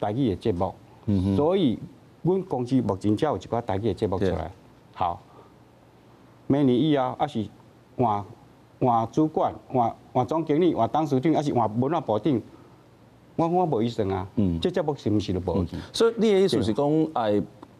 台語嘅節目，嗯、哼所以我們公司目前只有一個台語嘅節目出來。對好，明年以後，啊是換換主管、換換總經理、換董事長，啊是換文化部長。我我無預算啊，即節、嗯、目是唔是都無、嗯？所以你嘅意思是講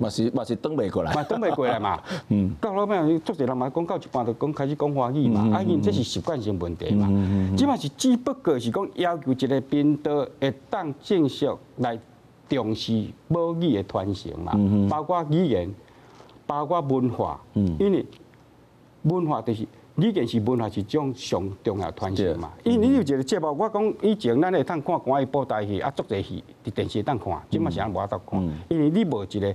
嘛是嘛是等未過來嘛，等未過來嘛。到後屘，主持人嘛講到一半就講開始講華語嘛。因為這是習慣性問題嘛。即嘛是只不過，是講要求一個頻道會當正式來重視母語嘅傳承嘛。包括語言，包括文化，因為文化就是語言，是文化是一種上重要傳承嘛。因為你有一個節目，我講以前咱會當看可以播台戲啊作台戲喺電視當看，即嘛無法度看，因為你無一個。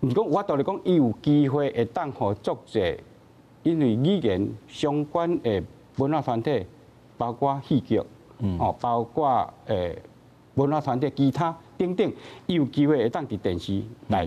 唔講，說我都是講，伊有機會會當合作者，因為語言相關的文化團體，包括戲劇，哦，包括誒文化團體，其他等等，伊有機會會當佇電視來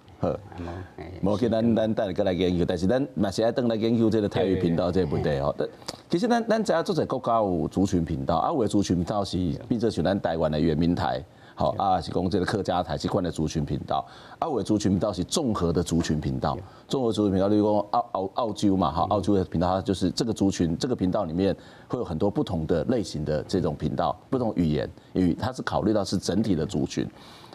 好，冇，冇叫咱咱等嚟去研究，是的但是咱咪是愛等嚟研究這個台語頻道這個問題哦。對對對對，但其實咱咱國家有族群頻道，族群頻道是，是，的是台灣的原民台，好啊是，的是這個客家台，的族群頻道。族群頻道是綜合的族群頻道，綜的合族群頻道例如說澳澳澳洲嘛，澳洲的頻道，它就是這個族群這個頻道裡面會有很多不同的類型的這種頻道，不同語言，它是考慮到是整體的族群。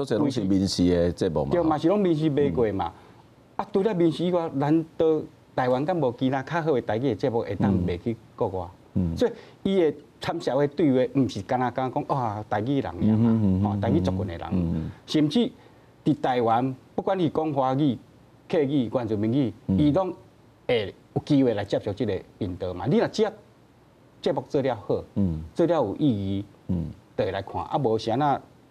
都是攏是民視嘅節目嘛，對嘛，是攏民視賣過嘛。嗯、啊，除了民視以外，難道台灣敢無其他較好嘅台語節目、嗯、會當賣去國外？嗯、所以，伊嘅參社會對話毋是敢若敢若講啊，台語人嘛，吼、嗯，嗯、台語族群嘅人，嗯、甚至佇台灣，不管你講華語、客語、原住民語，伊攏、嗯、會有機會來接觸這個頻道嘛。你若節節目做了好，嗯，做了有意義，嗯，都會來看。啊，無像那。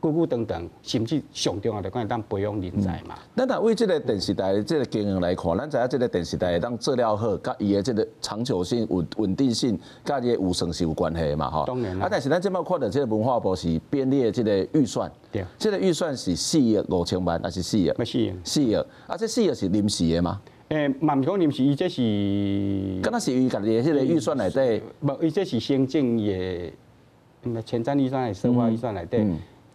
久久長長，甚至上重要啊、嗯！就講當培養人才嘛。那但為即個電視台即個經營來看，咱知影即個電視台當做了好，佮伊個即個長久性、穩穩定性，跟這伊無生息有關係嘛？吼當然。啊，但是咱即擺看的即個文化部是編列即個預算。對。即個預算是四億五千萬，還是四億？咪行四億。啊、這四億啊！即四億是臨時嘅嘛？誒，萬唔講臨時，伊這是。敢若是伊家己嘅這個預算內底。不，伊這是行政嘅，嗯，前瞻預算，還是深化預算內底？